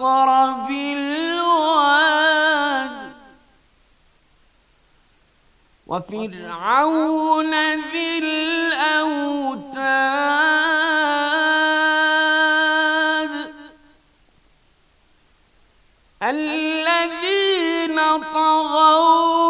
أقرب الواد وفرعون ذي الأوتاد الذين طغوا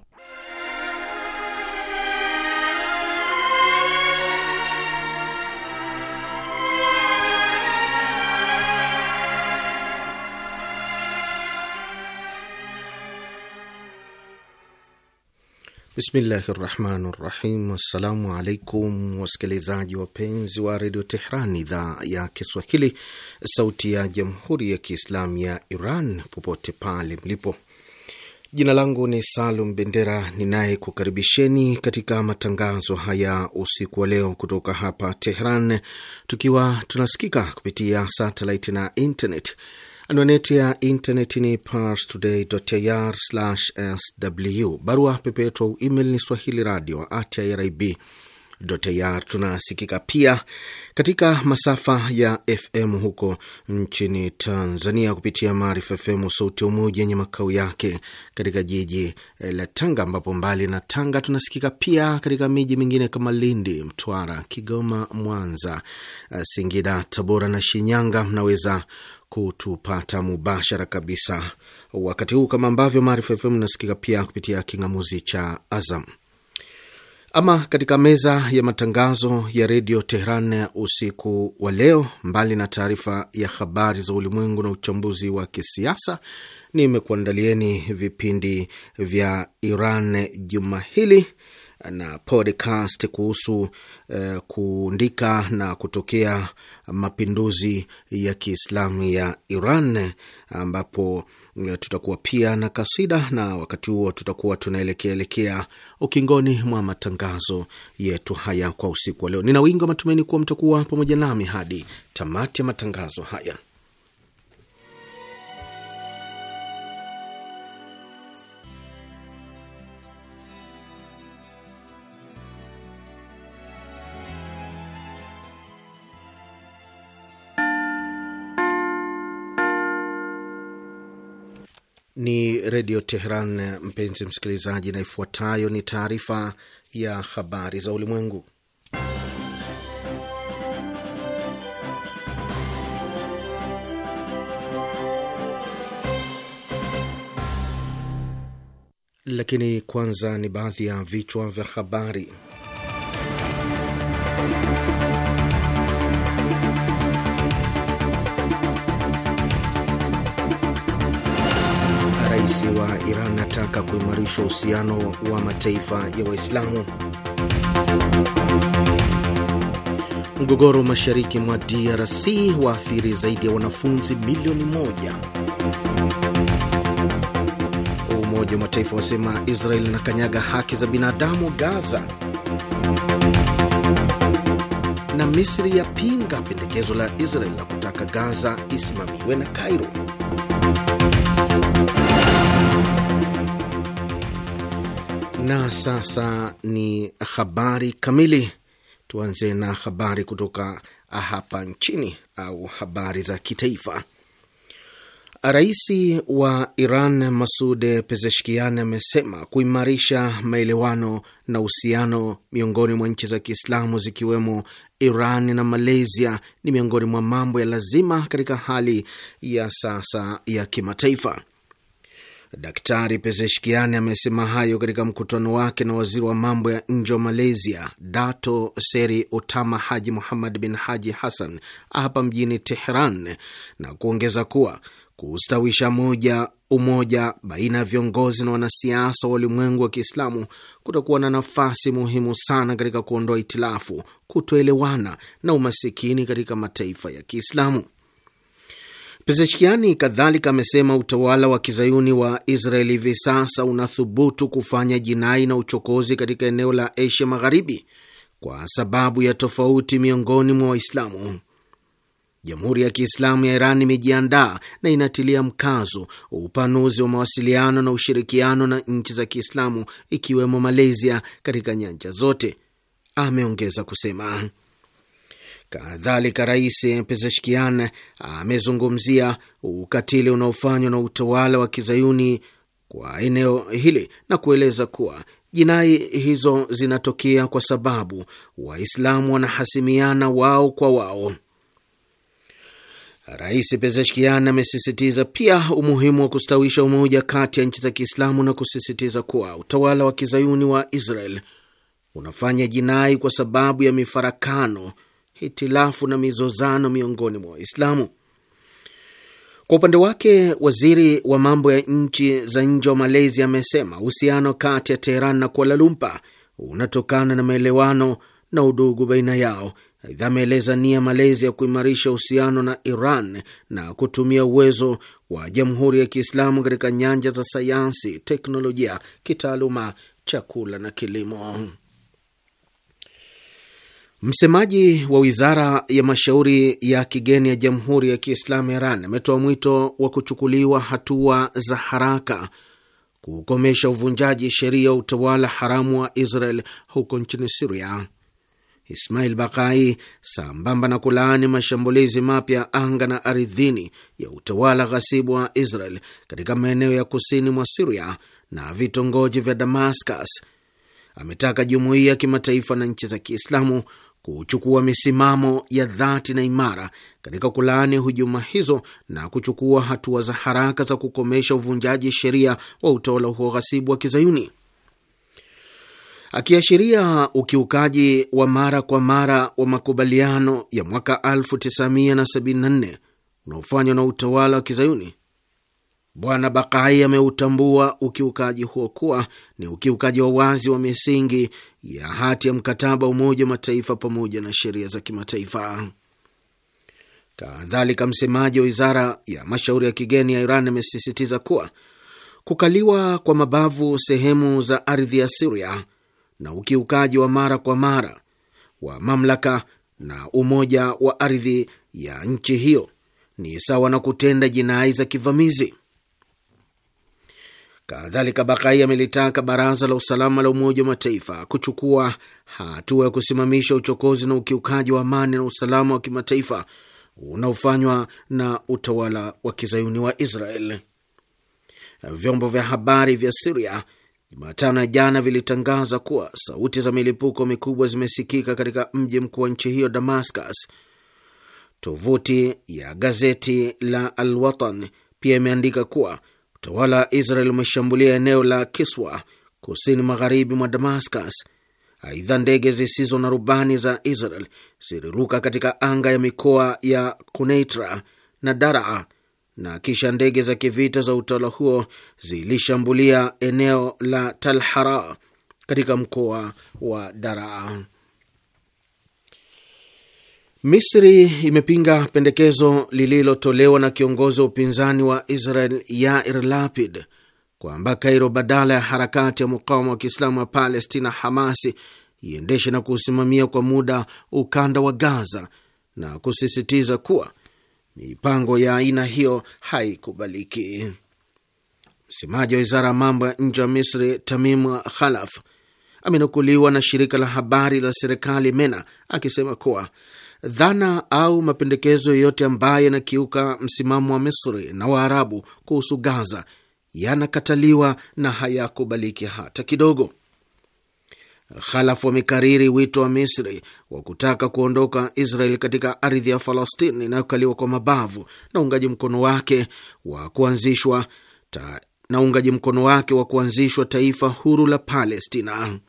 Bismillahi rahmani rahim. Assalamu alaikum wasikilizaji wapenzi wa redio Tehran, idhaa ya Kiswahili, sauti ya jamhuri ya kiislamu ya Iran, popote pale mlipo. Jina langu ni Salum Bendera ninayekukaribisheni katika matangazo haya usiku wa leo kutoka hapa Tehran, tukiwa tunasikika kupitia satelit na internet. Anwani yetu ya intaneti ni parstoday.ir/sw. Barua pepe yetu au email ni swahili radio at irib Tunasikika pia katika masafa ya FM huko nchini Tanzania kupitia Maarifa FM sauti ya Umoja yenye makao yake katika jiji eh, la Tanga, ambapo mbali na Tanga tunasikika pia katika miji mingine kama Lindi, Mtwara, Kigoma, Mwanza, eh, Singida, Tabora na Shinyanga. Mnaweza kutupata mubashara kabisa wakati huu, kama ambavyo Maarifa FM inasikika pia kupitia kingamuzi cha Azam. Ama katika meza ya matangazo ya redio Tehran usiku wa leo, mbali na taarifa ya habari za ulimwengu na uchambuzi wa kisiasa, nimekuandalieni vipindi vya Iran juma hili na podcast kuhusu uh, kuundika na kutokea mapinduzi ya Kiislamu ya Iran, ambapo eh, tutakuwa pia na kasida, na wakati huo tutakuwa tunaelekea elekea ukingoni mwa matangazo yetu haya kwa usiku wa leo. Nina wingi wa matumaini kuwa mtakuwa pamoja nami hadi tamati ya matangazo haya. Redio Teheran. Mpenzi msikilizaji, na ifuatayo ni taarifa ya habari za ulimwengu, lakini kwanza ni baadhi ya vichwa vya habari. kuimarisha uhusiano wa mataifa ya Waislamu. Mgogoro mashariki mwa DRC waathiri zaidi ya wanafunzi milioni moja. Umoja wa Mataifa wasema Israeli inakanyaga haki za binadamu Gaza, na Misri yapinga pendekezo la Israeli la kutaka Gaza isimamiwe na Kairo. Na sasa ni habari kamili. Tuanze na habari kutoka hapa nchini au habari za kitaifa. Rais wa Iran Masud Pezeshkian amesema kuimarisha maelewano na uhusiano miongoni mwa nchi za Kiislamu zikiwemo Iran na Malaysia ni miongoni mwa mambo ya lazima katika hali ya sasa ya kimataifa. Daktari Pezeshkiani amesema hayo katika mkutano wake na waziri wa mambo ya nje wa Malaysia, Dato Seri Utama Haji Muhammad bin Haji Hassan hapa mjini Teheran, na kuongeza kuwa kustawisha moja umoja baina ya viongozi na wanasiasa wa ulimwengu wa Kiislamu kutakuwa na nafasi muhimu sana katika kuondoa itilafu, kutoelewana na umasikini katika mataifa ya Kiislamu. Pezeshkiani kadhalika amesema utawala wa kizayuni wa Israel hivi sasa unathubutu kufanya jinai na uchokozi katika eneo la Asia Magharibi kwa sababu ya tofauti miongoni mwa Waislamu. Jamhuri ya Kiislamu ya Iran imejiandaa na inatilia mkazo upanuzi wa mawasiliano na ushirikiano na nchi za Kiislamu ikiwemo Malaysia katika nyanja zote, ameongeza kusema. Kadhalika, Rais Pezeshkian amezungumzia ukatili unaofanywa na utawala wa kizayuni kwa eneo hili na kueleza kuwa jinai hizo zinatokea kwa sababu Waislamu wanahasimiana wao kwa wao. Rais Pezeshkian amesisitiza pia umuhimu wa kustawisha umoja kati ya nchi za Kiislamu na kusisitiza kuwa utawala wa kizayuni wa Israel unafanya jinai kwa sababu ya mifarakano hitilafu na mizozano miongoni mwa Waislamu. Kwa upande wake, waziri wa mambo ya nchi za nje wa Malaysia amesema uhusiano kati ya Teheran na Kuala Lumpur unatokana na maelewano na udugu baina yao. Aidha, ameeleza nia Malaysia ya kuimarisha uhusiano na Iran na kutumia uwezo wa Jamhuri ya Kiislamu katika nyanja za sayansi, teknolojia, kitaaluma, chakula na kilimo. Msemaji wa wizara ya mashauri ya kigeni ya Jamhuri ya Kiislamu Iran ametoa mwito wa kuchukuliwa hatua za haraka kukomesha uvunjaji sheria ya utawala haramu wa Israel huko nchini Siria. Ismail Bakai, sambamba na kulaani mashambulizi mapya anga na ardhini ya utawala ghasibu wa Israel katika maeneo ya kusini mwa Siria na vitongoji vya Damascus, ametaka jumuiya ya kimataifa na nchi za Kiislamu kuchukua misimamo ya dhati na imara katika kulaani hujuma hizo na kuchukua hatua za haraka za kukomesha uvunjaji sheria wa utawala huo ghasibu wa Kizayuni. Akiashiria ukiukaji wa mara kwa mara wa makubaliano ya mwaka 1974 unaofanywa na utawala wa Kizayuni, Bwana Bakai ameutambua ukiukaji huo kuwa ni ukiukaji wa wazi wa misingi ya hati ya mkataba wa Umoja wa Mataifa pamoja na sheria za kimataifa. Kadhalika, msemaji wa wizara ya mashauri ya kigeni ya Iran amesisitiza kuwa kukaliwa kwa mabavu sehemu za ardhi ya Siria na ukiukaji wa mara kwa mara wa mamlaka na umoja wa ardhi ya nchi hiyo ni sawa na kutenda jinai za kivamizi. Kadhalika, Bakai amelitaka baraza la usalama la Umoja wa Mataifa kuchukua hatua ya kusimamisha uchokozi na ukiukaji wa amani na usalama wa kimataifa unaofanywa na utawala wa kizayuni wa Israel. Vyombo vya habari vya Siria Jumatano ya jana vilitangaza kuwa sauti za milipuko mikubwa zimesikika katika mji mkuu wa nchi hiyo Damascus. Tovuti ya gazeti la Alwatan pia imeandika kuwa utawala wa Israel umeshambulia eneo la Kiswa kusini magharibi mwa Damascus. Aidha, ndege zisizo na rubani za Israel ziliruka katika anga ya mikoa ya Kuneitra na Daraa na kisha ndege za kivita za utawala huo zilishambulia eneo la Talhara katika mkoa wa Daraa. Misri imepinga pendekezo lililotolewa na kiongozi wa upinzani wa Israel Yair Lapid kwamba Kairo badala ya harakati ya mukawama wa Kiislamu wa Palestina Hamasi iendeshe na kuusimamia kwa muda ukanda wa Gaza na kusisitiza kuwa mipango ya aina hiyo haikubaliki. Msemaji wa wizara ya mambo ya nje wa Misri Tamim Khalaf amenukuliwa na shirika la habari la serikali MENA akisema kuwa dhana au mapendekezo yoyote ambayo yanakiuka msimamo wa Misri na Waarabu kuhusu Gaza yanakataliwa na hayakubaliki hata kidogo. Khalafu wamekariri wito wa Misri wa kutaka kuondoka Israel katika ardhi ya Falastini inayokaliwa kwa mabavu na uungaji mkono wake wa kuanzishwa ta, na uungaji mkono wake wa kuanzishwa taifa huru la Palestina.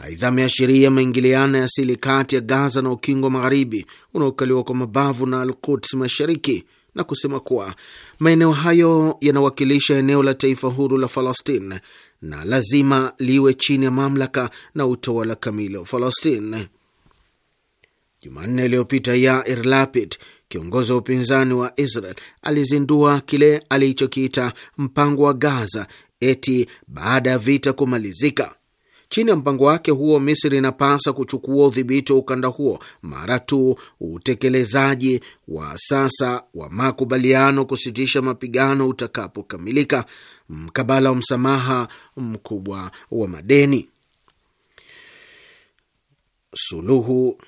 Aidha, ameashiria maingiliano ya asili kati ya Gaza na Ukingo Magharibi unaokaliwa kwa mabavu na Alquds Mashariki na kusema kuwa maeneo hayo yanawakilisha eneo la taifa huru la Falastin na lazima liwe chini ya mamlaka na utawala kamili wa Falastin. Jumanne iliyopita Yair Lapid, kiongozi wa upinzani wa Israel, alizindua kile alichokiita mpango wa Gaza eti baada ya vita kumalizika Chini ya mpango wake huo, Misri inapasa kuchukua udhibiti wa ukanda huo mara tu utekelezaji wa sasa wa makubaliano kusitisha mapigano utakapokamilika, mkabala wa msamaha mkubwa wa madeni. Suluhu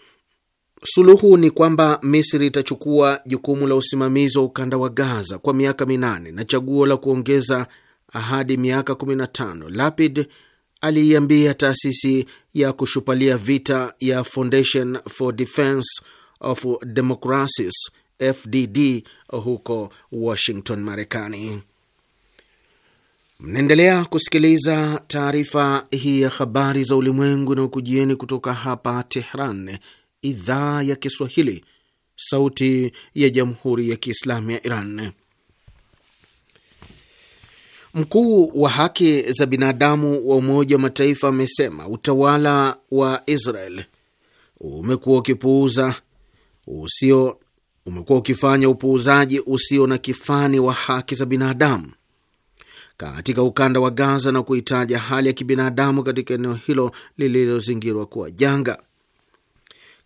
Suluhu ni kwamba Misri itachukua jukumu la usimamizi wa ukanda wa Gaza kwa miaka minane na chaguo la kuongeza ahadi miaka 15. Lapid aliiambia taasisi ya kushupalia vita ya Foundation for Defense of Democracies FDD huko Washington, Marekani. Mnaendelea kusikiliza taarifa hii ya habari za ulimwengu na ukujieni kutoka hapa Tehran, idhaa ya Kiswahili, sauti ya jamhuri ya kiislamu ya Iran. Mkuu wa haki za binadamu wa Umoja wa Mataifa amesema utawala wa Israel umekuwa ukipuuza usio umekuwa ukifanya upuuzaji usio na kifani wa haki za binadamu katika ukanda wa Gaza na kuhitaja hali ya kibinadamu katika eneo hilo lililozingirwa kuwa janga.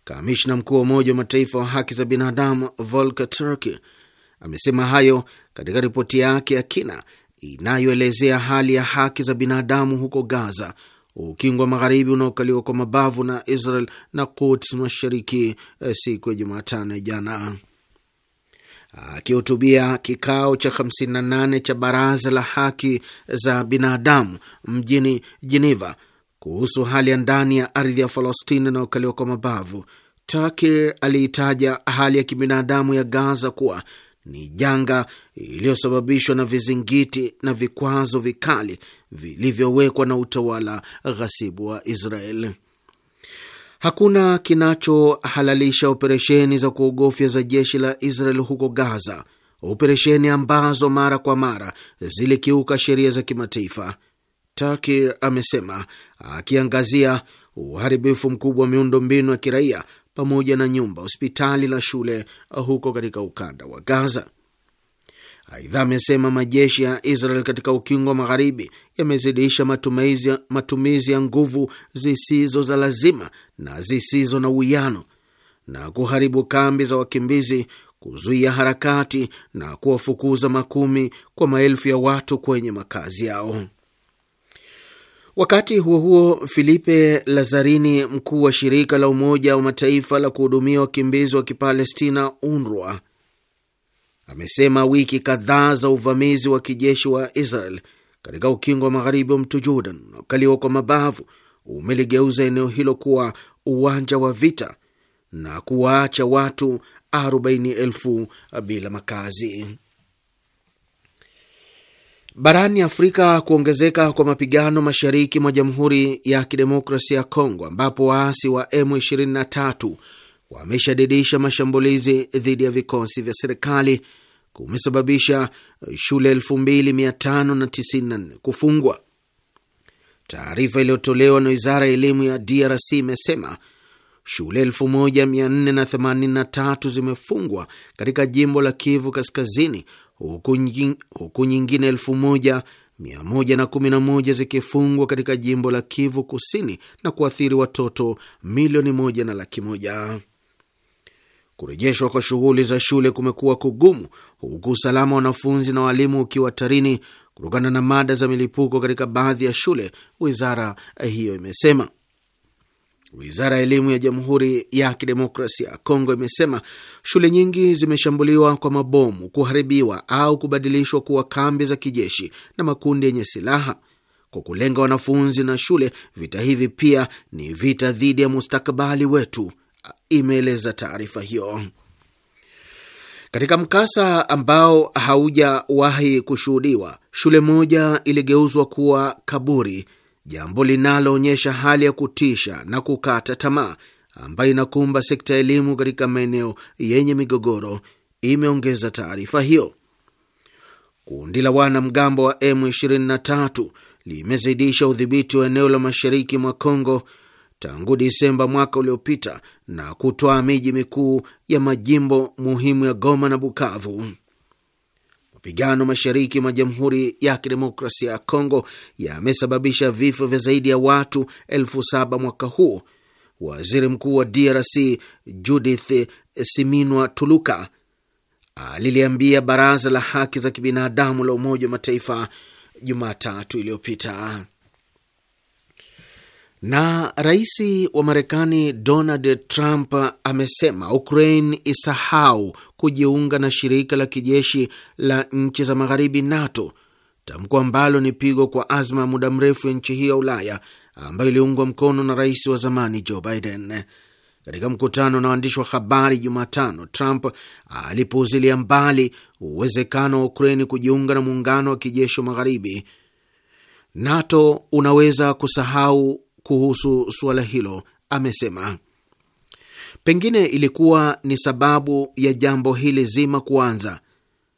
Kamishna mkuu wa Umoja wa Mataifa wa haki za binadamu Volker Turk amesema hayo katika ripoti yake ya kina inayoelezea hali ya haki za binadamu huko Gaza, Ukingwa Magharibi unaokaliwa kwa mabavu na Israel na Quds Mashariki eh, siku ya Jumatano jana. Akihutubia kikao cha 58 cha Baraza la Haki za Binadamu mjini Geneva kuhusu hali ya ndani ya ardhi ya Falastini inayokaliwa kwa mabavu, Takir aliitaja hali ya kibinadamu ya Gaza kuwa ni janga iliyosababishwa na vizingiti na vikwazo vikali vilivyowekwa na utawala ghasibu wa Israel. Hakuna kinachohalalisha operesheni za kuogofya za jeshi la Israel huko Gaza, operesheni ambazo mara kwa mara zilikiuka sheria za kimataifa, Takir amesema akiangazia uharibifu mkubwa wa miundo mbinu ya kiraia pamoja na nyumba, hospitali na shule uh, huko katika ukanda wa Gaza. Aidha, amesema majeshi ya Israel katika ukingo wa magharibi yamezidisha matumizi ya nguvu zisizo za lazima na zisizo na uwiano na kuharibu kambi za wakimbizi, kuzuia harakati na kuwafukuza makumi kwa maelfu ya watu kwenye makazi yao. Wakati huo huo, Filipe Lazarini, mkuu wa shirika la Umoja wa Mataifa la kuhudumia wakimbizi wa Kipalestina, UNRWA, amesema wiki kadhaa za uvamizi wa kijeshi wa Israel katika ukingo wa magharibi wa mto Jordan unaokaliwa kwa mabavu umeligeuza eneo hilo kuwa uwanja wa vita na kuwaacha watu 4 bila makazi. Barani Afrika, kuongezeka kwa mapigano mashariki mwa Jamhuri ya Kidemokrasia ya Kongo, ambapo waasi wa M23 wameshadidisha mashambulizi dhidi ya vikosi vya serikali kumesababisha shule 2594 kufungwa. Taarifa iliyotolewa na wizara ya elimu ya DRC imesema shule 1483 zimefungwa katika jimbo la Kivu Kaskazini huku nyingine elfu moja moja zikifungwa katika jimbo la Kivu Kusini na kuathiri watoto milioni moja na laki moja. Kurejeshwa kwa shughuli za shule kumekuwa kugumu, huku usalama wa wanafunzi na waalimu ukiwa tarini kutokana na mada za milipuko katika baadhi ya shule, wizara hiyo imesema. Wizara ya elimu ya Jamhuri ya Kidemokrasia ya Kongo imesema shule nyingi zimeshambuliwa kwa mabomu, kuharibiwa au kubadilishwa kuwa kambi za kijeshi na makundi yenye silaha kwa kulenga wanafunzi na shule. Vita hivi pia ni vita dhidi ya mustakabali wetu, imeeleza taarifa hiyo. Katika mkasa ambao haujawahi kushuhudiwa, shule moja iligeuzwa kuwa kaburi jambo linaloonyesha hali ya kutisha na kukata tamaa ambayo inakumba sekta ya elimu katika maeneo yenye migogoro, imeongeza taarifa hiyo. Kundi la wanamgambo wa M23 limezidisha udhibiti wa eneo la mashariki mwa congo tangu Disemba mwaka uliopita na kutoa miji mikuu ya majimbo muhimu ya Goma na Bukavu. Mapigano mashariki mwa Jamhuri ya Kidemokrasia ya Kongo yamesababisha vifo vya zaidi ya watu elfu saba mwaka huu. Waziri Mkuu wa DRC Judith Siminwa Tuluka aliliambia Baraza la Haki za Kibinadamu la Umoja wa Mataifa Jumatatu iliyopita. Na rais wa Marekani Donald Trump amesema Ukraine isahau kujiunga na shirika la kijeshi la nchi za magharibi NATO, tamko ambalo ni pigo kwa azma ya muda mrefu ya nchi hiyo ya Ulaya ambayo iliungwa mkono na rais wa zamani Joe Biden. Katika mkutano na waandishi wa habari Jumatano, Trump alipuuzilia mbali uwezekano wa Ukraine kujiunga na muungano wa kijeshi wa magharibi NATO. Unaweza kusahau kuhusu suala hilo amesema pengine ilikuwa ni sababu ya jambo hili zima kuanza.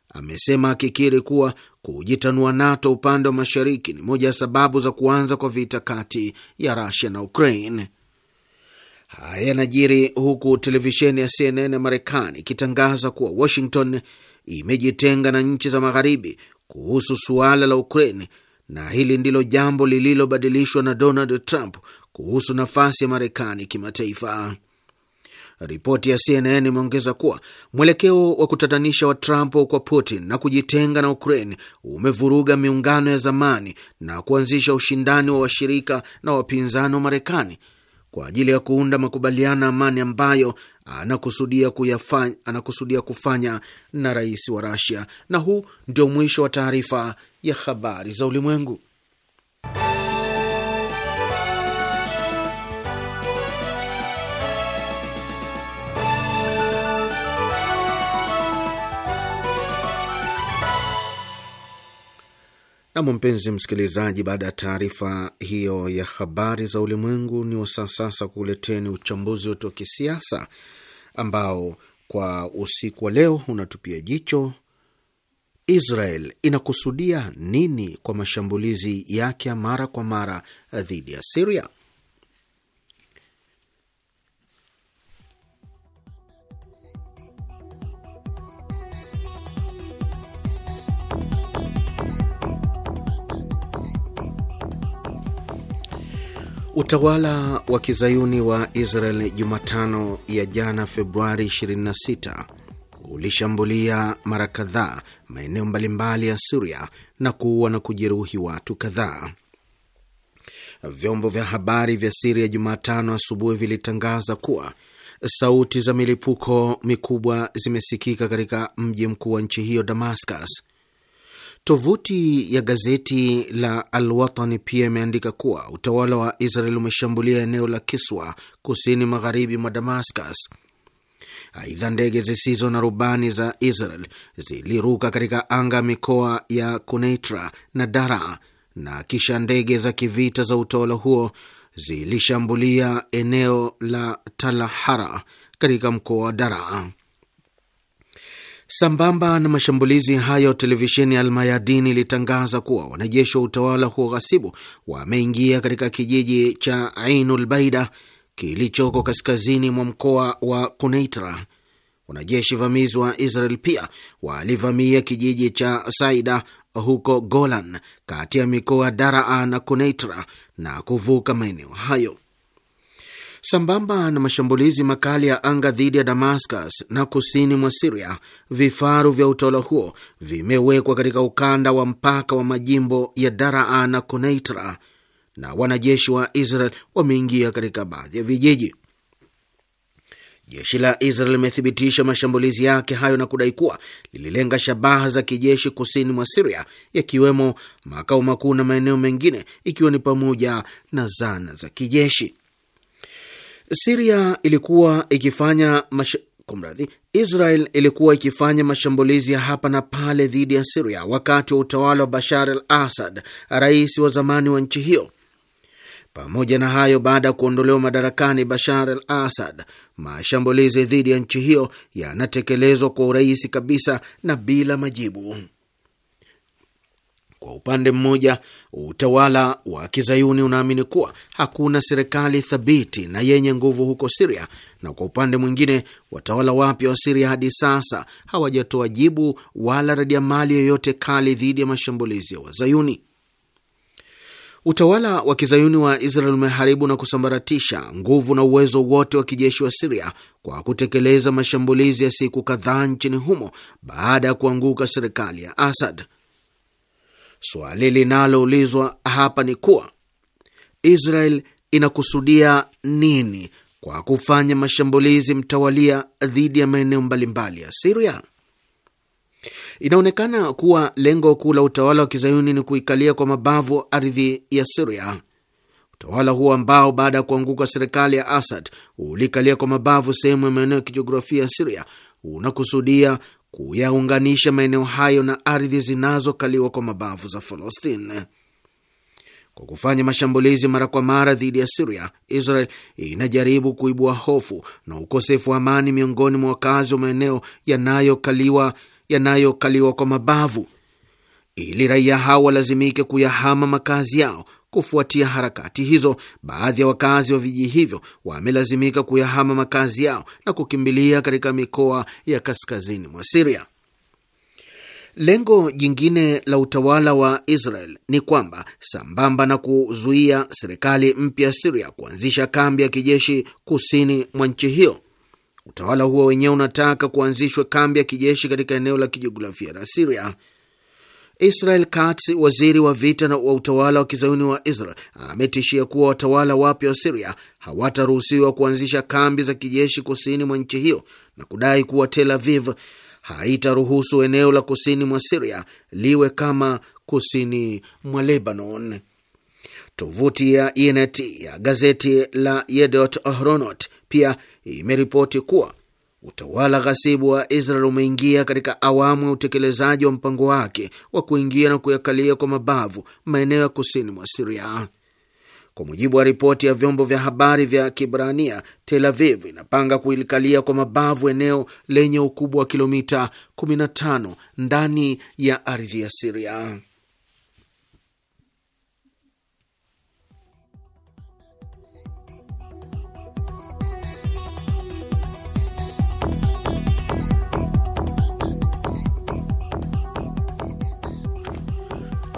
Amesema akikiri kuwa kujitanua NATO upande wa mashariki ni moja ya sababu za kuanza kwa vita kati ya Rusia na Ukraine. Haya yanajiri huku televisheni ya CNN ya Marekani ikitangaza kuwa Washington imejitenga na nchi za magharibi kuhusu suala la Ukraine na hili ndilo jambo lililobadilishwa na Donald Trump kuhusu nafasi ya Marekani kimataifa. Ripoti ya CNN imeongeza kuwa mwelekeo wa kutatanisha wa Trump kwa Putin na kujitenga na Ukraine umevuruga miungano ya zamani na kuanzisha ushindani wa washirika na wapinzani wa Marekani kwa ajili ya kuunda makubaliano amani ambayo anakusudia kuyafanya, anakusudia kufanya na rais wa Rasia. Na huu ndio mwisho wa taarifa ya habari za ulimwengu. Nam, mpenzi msikilizaji, baada ya taarifa hiyo ya habari za ulimwengu, ni wasaa sasa kuleteni uchambuzi wetu wa kisiasa ambao kwa usiku wa leo unatupia jicho Israel inakusudia nini kwa mashambulizi yake ya mara kwa mara dhidi ya Siria. Utawala wa kizayuni wa Israel Jumatano ya jana Februari 26 ulishambulia mara kadhaa maeneo mbalimbali ya Siria na kuua na kujeruhi watu kadhaa. Vyombo vya habari vya Siria Jumatano asubuhi vilitangaza kuwa sauti za milipuko mikubwa zimesikika katika mji mkuu wa nchi hiyo Damascus. Tovuti ya gazeti la Alwatani pia imeandika kuwa utawala wa Israel umeshambulia eneo la Kiswa kusini magharibi mwa Damascus. Aidha, ndege zisizo na rubani za Israel ziliruka katika anga mikoa ya Kuneitra na Dara, na kisha ndege za kivita za utawala huo zilishambulia eneo la Talahara katika mkoa wa Daraa. Sambamba na mashambulizi hayo, televisheni ya Almayadin ilitangaza kuwa wanajeshi wa utawala huo ghasibu wameingia katika kijiji cha Ainul Baida kilichoko kaskazini mwa mkoa wa Kuneitra. Wanajeshi vamizi wa Israel pia walivamia kijiji cha Saida huko Golan, kati ya mikoa Daraa na Kuneitra na kuvuka maeneo hayo. Sambamba na mashambulizi makali ya anga dhidi ya Damascus na kusini mwa Siria, vifaru vya utawala huo vimewekwa katika ukanda wa mpaka wa majimbo ya Daraa na Koneitra, na wanajeshi wa Israel wameingia katika baadhi ya vijiji. Jeshi la Israel limethibitisha mashambulizi yake hayo na kudai kuwa lililenga shabaha za kijeshi kusini mwa Siria, yakiwemo makao makuu na maeneo mengine, ikiwa ni pamoja na zana za kijeshi. Siria ilikuwa ikifanya mash... kumradhi, Israel ilikuwa ikifanya mashambulizi ya hapa na pale dhidi ya Siria wakati wa utawala wa Bashar al Assad, rais wa zamani wa nchi hiyo. Pamoja na hayo, baada ya kuondolewa madarakani Bashar al Assad, mashambulizi dhidi ya nchi hiyo yanatekelezwa kwa urahisi kabisa na bila majibu. Kwa upande mmoja, utawala wa kizayuni unaamini kuwa hakuna serikali thabiti na yenye nguvu huko Siria, na kwa upande mwingine, watawala wapya wa Siria hadi sasa hawajatoa jibu wala radiamali yoyote kali dhidi ya mashambulizi ya wazayuni. Utawala wa kizayuni wa Israel umeharibu na kusambaratisha nguvu na uwezo wote wa kijeshi wa Siria kwa kutekeleza mashambulizi ya siku kadhaa nchini humo baada ya kuanguka serikali ya Asad. Swali linaloulizwa hapa ni kuwa Israel inakusudia nini kwa kufanya mashambulizi mtawalia dhidi ya maeneo mbalimbali ya Siria? Inaonekana kuwa lengo kuu la utawala wa kizayuni ni kuikalia kwa mabavu ardhi ya Siria. Utawala huo ambao baada ya kuanguka serikali ya Asad ulikalia kwa mabavu sehemu ya maeneo ya kijiografia ya Siria unakusudia kuyaunganisha maeneo hayo na ardhi zinazokaliwa kwa mabavu za Falastini. Kwa kufanya mashambulizi mara kwa mara dhidi ya Siria, Israel inajaribu kuibua hofu na ukosefu wa amani miongoni mwa wakazi wa maeneo yanayokaliwa yanayokaliwa kwa mabavu, ili raia hao walazimike kuyahama makazi yao Kufuatia harakati hizo, baadhi ya wakazi wa vijiji hivyo wamelazimika kuyahama makazi yao na kukimbilia katika mikoa ya kaskazini mwa Siria. Lengo jingine la utawala wa Israel ni kwamba sambamba na kuzuia serikali mpya ya Siria kuanzisha kambi ya kijeshi kusini mwa nchi hiyo, utawala huo wenyewe unataka kuanzishwa kambi ya kijeshi katika eneo la kijiografia la Siria. Israel Katz, waziri wa vita na wa utawala wa kizayuni wa Israel, ametishia kuwa watawala wapya wa Siria hawataruhusiwa kuanzisha kambi za kijeshi kusini mwa nchi hiyo na kudai kuwa Tel Aviv haitaruhusu eneo la kusini mwa Siria liwe kama kusini mwa Lebanon. Tovuti ya INET e ya gazeti la Yedot Ahronot pia imeripoti kuwa utawala ghasibu wa Israel umeingia katika awamu ya utekelezaji wa mpango wake wa kuingia na kuyakalia kwa mabavu maeneo ya kusini mwa Siria. Kwa mujibu wa ripoti ya vyombo vya habari vya Kibrania, Tel Aviv inapanga kuilikalia kwa mabavu eneo lenye ukubwa wa kilomita 15 ndani ya ardhi ya Siria.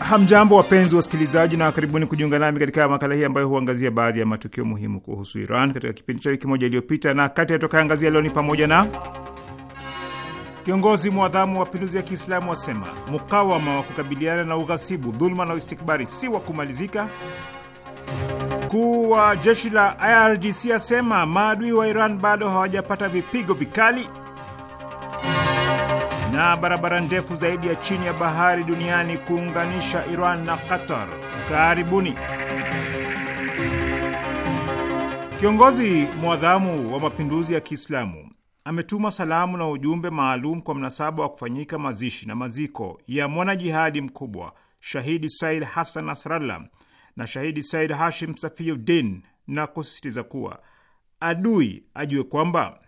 Hamjambo, wapenzi wasikilizaji, na karibuni kujiunga nami katika makala hii ambayo huangazia baadhi ya matukio muhimu kuhusu Iran katika kipindi cha wiki moja iliyopita, na kati yatokaangazia leo ni pamoja na kiongozi mwadhamu wa mapinduzi ya Kiislamu wasema mukawama wa kukabiliana na ughasibu, dhuluma na uistikbari si wa kumalizika. Mkuu wa jeshi la IRGC asema maadui wa Iran bado hawajapata vipigo vikali na barabara ndefu zaidi ya chini ya bahari duniani kuunganisha Iran na Qatar. Karibuni. Kiongozi mwadhamu wa mapinduzi ya Kiislamu ametuma salamu na ujumbe maalum kwa mnasaba wa kufanyika mazishi na maziko ya mwanajihadi mkubwa shahidi Said Hassan Nasrallah na shahidi Said Hashim Safiuddin na kusisitiza kuwa adui ajue kwamba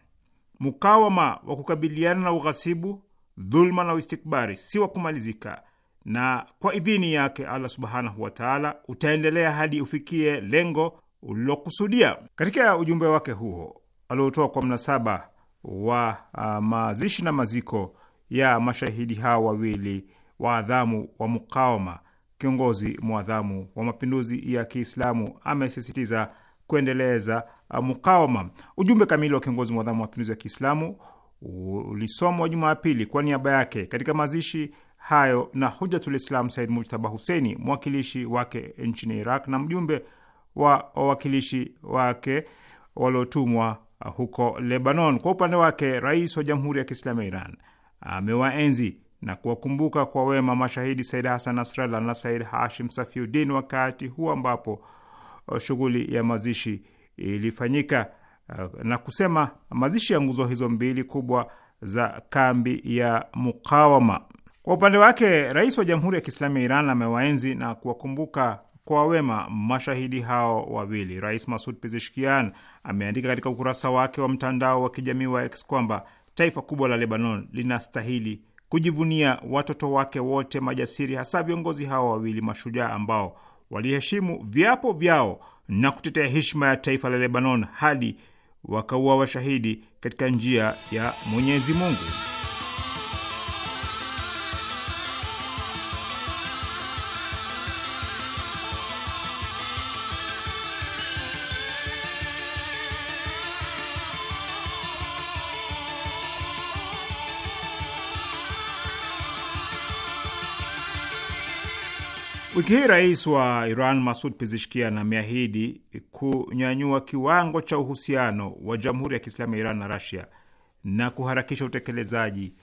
mukawama wa kukabiliana na ughasibu, dhulma na uistikbari si wa kumalizika, na kwa idhini yake Allah subhanahu wataala utaendelea hadi ufikie lengo ulilokusudia. Katika ujumbe wake huo aliotoa kwa mnasaba wa uh, mazishi na maziko ya mashahidi hao wawili waadhamu wa mukawama, kiongozi mwadhamu wa mapinduzi ya Kiislamu amesisitiza kuendeleza ah, mukawama. Ujumbe kamili wa kiongozi mwadhamu wa mapinduzi ya Kiislamu ulisomwa Jumapili kwa niaba yake katika mazishi hayo na Hujatul Islam Said Mujtaba huseini mwakilishi wake nchini Iraq na mjumbe wa wawakilishi wake waliotumwa huko Lebanon. Kwa upande wake, rais wa Jamhuri ya Kiislamu ya Iran amewaenzi na kuwakumbuka kwa wema mashahidi Said Hasan Nasrallah na Said Hashim Safiuddin wakati huu ambapo shughuli ya mazishi ilifanyika. Uh, na kusema mazishi ya nguzo hizo mbili kubwa za kambi ya mukawama. Kwa upande wake, rais wa Jamhuri ya Kiislamu ya Iran amewaenzi na kuwakumbuka kwa wema mashahidi hao wawili. Rais Masud Pezeshkian ameandika katika ukurasa wake wa mtandao wa kijamii wa X kwamba taifa kubwa la Lebanon linastahili kujivunia watoto wake wote majasiri, hasa viongozi hao wawili mashujaa ambao waliheshimu viapo vyao na kutetea heshima ya taifa la Lebanon hadi wakauawa washahidi katika njia ya Mwenyezi Mungu. Wiki hii rais wa Iran Masud Pezishkian ameahidi kunyanyua kiwango cha uhusiano wa Jamhuri ya Kiislamu ya Iran na Rasia na kuharakisha utekelezaji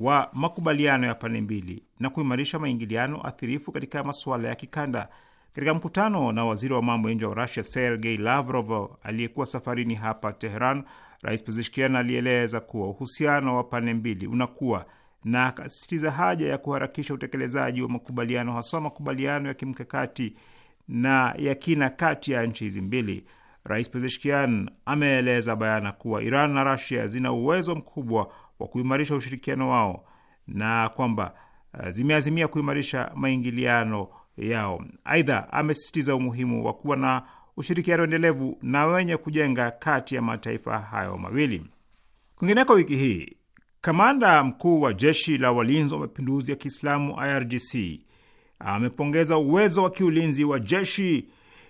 wa makubaliano ya pande mbili na kuimarisha maingiliano athirifu katika masuala ya kikanda. Katika mkutano na waziri wa mambo ya nje wa Rusia Sergei Lavrov aliyekuwa safarini hapa Teheran, rais Pezeshkian alieleza kuwa uhusiano wa pande mbili unakuwa na akasisitiza haja ya kuharakisha utekelezaji wa makubaliano, haswa makubaliano ya kimkakati na ya kina kati ya nchi hizi mbili. Rais Pezeshkian ameeleza bayana kuwa Iran na Rasia zina uwezo mkubwa wa kuimarisha ushirikiano wao na kwamba uh, zimeazimia kuimarisha maingiliano yao. Aidha, amesisitiza umuhimu wa kuwa na ushirikiano endelevu na wenye kujenga kati ya mataifa hayo mawili. Kwingineko, wiki hii Kamanda mkuu wa jeshi la walinzi wa mapinduzi ya Kiislamu IRGC amepongeza uwezo wa kiulinzi wa jeshi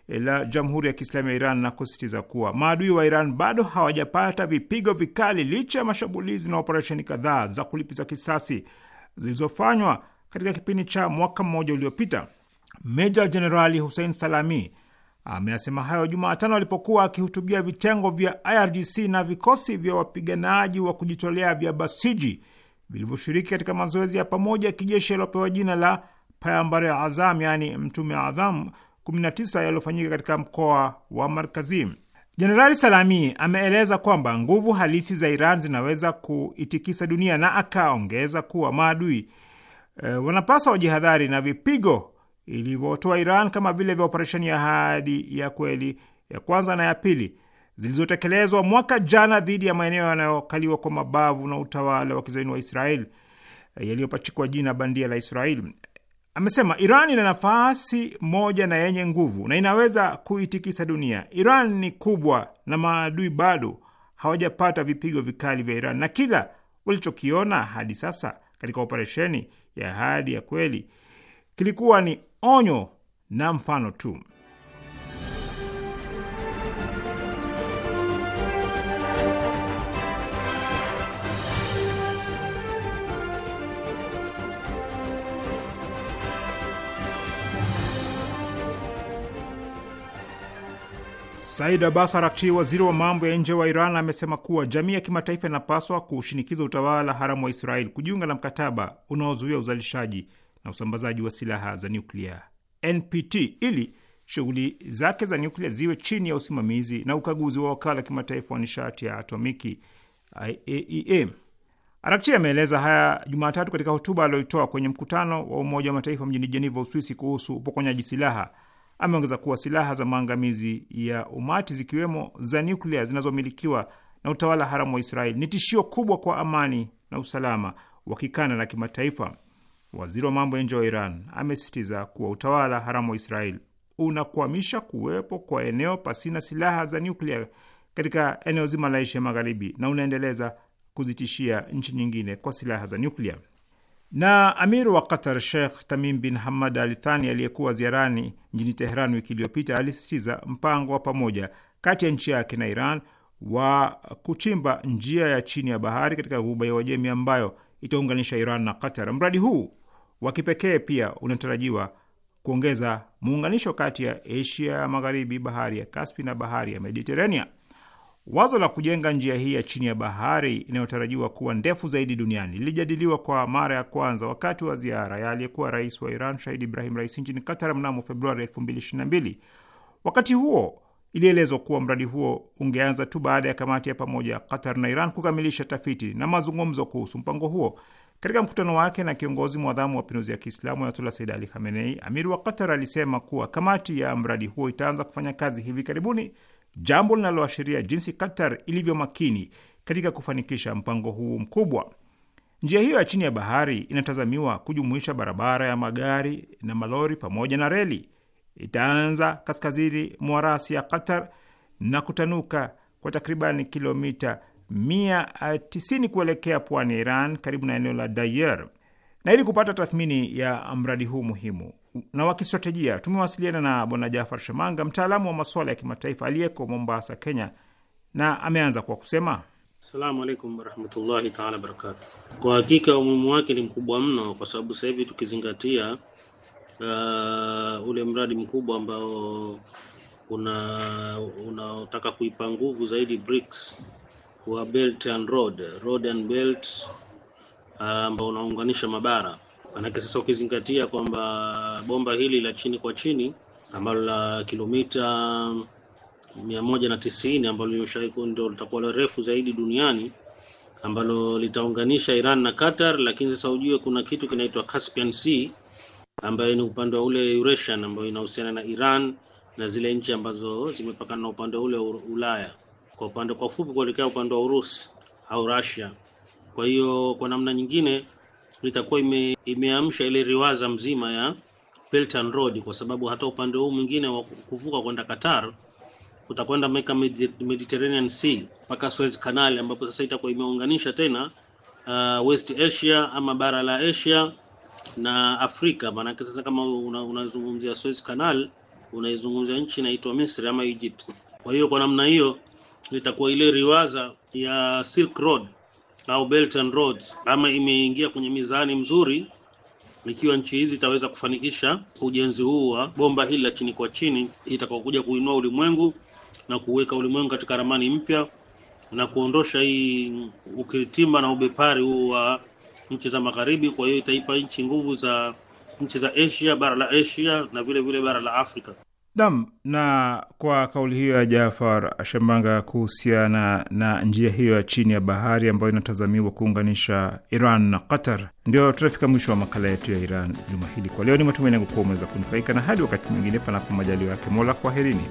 la Jamhuri ya Kiislamu ya Iran na kusisitiza kuwa maadui wa Iran bado hawajapata vipigo vikali licha ya mashambulizi na operesheni kadhaa za kulipiza kisasi zilizofanywa katika kipindi cha mwaka mmoja uliopita. Meja Jenerali Hussein Salami Ameyasema hayo Jumatano alipokuwa akihutubia vitengo vya IRGC na vikosi vya wapiganaji wa kujitolea vya Basiji vilivyoshiriki katika mazoezi ya pamoja ya kijeshi yaliyopewa jina la Payambare Azam, yaani Mtume Adham 19 yaliyofanyika katika mkoa wa markazi Jenerali Salami ameeleza kwamba nguvu halisi za Iran zinaweza kuitikisa dunia na akaongeza kuwa maadui e, wanapaswa wajihadhari na vipigo ilivyotoa Iran kama vile vya operesheni ya Ahadi ya Kweli ya kwanza na ya pili zilizotekelezwa mwaka jana dhidi ya maeneo yanayokaliwa kwa mabavu na utawala wa kizaini wa Israel eh, yaliyopachikwa jina bandia la Israel. Amesema Iran ina nafasi moja na yenye nguvu na inaweza kuitikisa dunia. Iran ni kubwa na maadui bado hawajapata vipigo vikali vya Iran, na kila walichokiona hadi sasa katika operesheni ya Ahadi ya Kweli kilikuwa ni onyo na mfano tu. Said Abbas Arakchi, waziri wa mambo ya nje wa Iran, amesema kuwa jamii ya kimataifa inapaswa kushinikiza utawala haramu wa Israel kujiunga na mkataba unaozuia uzalishaji na usambazaji wa silaha za nyuklia NPT ili shughuli zake za nyuklia ziwe chini ya usimamizi na ukaguzi wa wakala kimataifa wa nishati ya atomiki IAEA. Arakchi ameeleza haya Jumatatu katika hotuba aliyoitoa kwenye mkutano wa Umoja wa Mataifa mjini Jeneva, Uswisi, kuhusu upokonyaji silaha. Ameongeza kuwa silaha za maangamizi ya umati zikiwemo za nyuklia zinazomilikiwa na utawala haramu wa Israeli ni tishio kubwa kwa amani na usalama wa kikanda na kimataifa waziri wa mambo ya nje wa Iran, amesisitiza kuwa utawala haramu wa Israel unakwamisha kuwepo kwa eneo pasina silaha za nyuklia katika eneo zima la Asia Magharibi na unaendeleza kuzitishia nchi nyingine kwa silaha za nyuklia. Na amir wa Qatar Sheikh Tamim bin Hamad Al Thani aliyekuwa ziarani mjini Teheran wiki iliyopita alisisitiza mpango wa pamoja kati ya nchi yake na Iran wa kuchimba njia ya chini ya bahari katika Ghuba ya Uajemi ambayo itaunganisha Iran na Qatar. Mradi huu wa kipekee pia unatarajiwa kuongeza muunganisho kati ya Asia ya Magharibi, bahari ya Kaspi na bahari ya Mediterania. Wazo la kujenga njia hii ya chini ya bahari inayotarajiwa kuwa ndefu zaidi duniani lilijadiliwa kwa mara ya kwanza wakati wa ziara ya aliyekuwa rais wa Iran Shahid Ibrahim Raisi nchini Qatar mnamo Februari 2022. Wakati huo ilielezwa kuwa mradi huo ungeanza tu baada ya kamati ya pamoja Qatar na Iran kukamilisha tafiti na mazungumzo kuhusu mpango huo. Katika mkutano wake na kiongozi mwadhamu wa mapinduzi ya Kiislamu Ayatullah Said Ali Khamenei, amir wa Qatar alisema kuwa kamati ya mradi huo itaanza kufanya kazi hivi karibuni, jambo linaloashiria jinsi Qatar ilivyo makini katika kufanikisha mpango huu mkubwa. Njia hiyo ya chini ya bahari inatazamiwa kujumuisha barabara ya magari na malori pamoja na reli. Itaanza kaskazini mwa rasi ya Qatar na kutanuka kwa takribani kilomita 190 kuelekea pwani ya Iran karibu na eneo la Dayer. Na ili kupata tathmini ya mradi huu muhimu na wa kistratejia, tumewasiliana na Bwana Jafar Shemanga, mtaalamu wa masuala ya kimataifa aliyeko Mombasa, Kenya, na ameanza kwa kusema Assalamu alaikum warahmatullahi taala Kwa hakika umuhimu wake ni mkubwa mno, kwa sababu sasa hivi tukizingatia uh, ule mradi mkubwa ambao una unaotaka kuipa nguvu zaidi BRICS wa Belt and Road, Road and Belt ah, ambao uh, unaunganisha mabara. manake sasa ukizingatia kwamba bomba hili la chini kwa chini ambalo la kilomita mia moja na tisini ambalo ndio litakuwa refu zaidi duniani ambalo litaunganisha Iran na Qatar, lakini sasa ujue kuna kitu kinaitwa Caspian Sea ambayo ni upande wa ule Eurasian ambayo inahusiana na Iran na zile nchi ambazo zimepakana na upande ule Ulaya kwa upande kwa ufupi kuelekea upande wa Urusi au Russia. Kwa hiyo kwa namna nyingine litakuwa ime, imeamsha ile riwaza mzima ya Belt and Road, kwa sababu hata upande huu mwingine wa kuvuka kwenda Qatar utakwenda meka Mediterranean Sea mpaka Suez Canal, ambapo sasa itakuwa imeunganisha tena uh, West Asia ama bara la Asia na Afrika. Maanake sasa kama unazungumzia una Suez Canal unaizungumzia nchi inaitwa Misri ama Egypt. Kwa hiyo kwa namna hiyo itakuwa ile riwaza ya Silk Road au Belt and Roads, ama imeingia kwenye mizani mzuri, ikiwa nchi hizi itaweza kufanikisha ujenzi huu wa bomba hili la chini kwa chini, itakaokuja kuinua ulimwengu na kuweka ulimwengu katika ramani mpya na kuondosha hii ukiritimba na ubepari huu wa nchi za magharibi. Kwa hiyo itaipa nchi nguvu za nchi za Asia, bara la Asia na vile vile bara la Afrika. Nam. Na kwa kauli hiyo ya Jafar Shambanga kuhusiana na njia hiyo ya chini ya bahari ambayo inatazamiwa kuunganisha Iran na Qatar, ndio tutafika mwisho wa makala yetu ya Iran juma hili. Kwa leo, ni matumaini yangu kuwa umeweza kunufaika, na hadi wakati mwingine, panapo majaliwa yake Mola, kwaherini.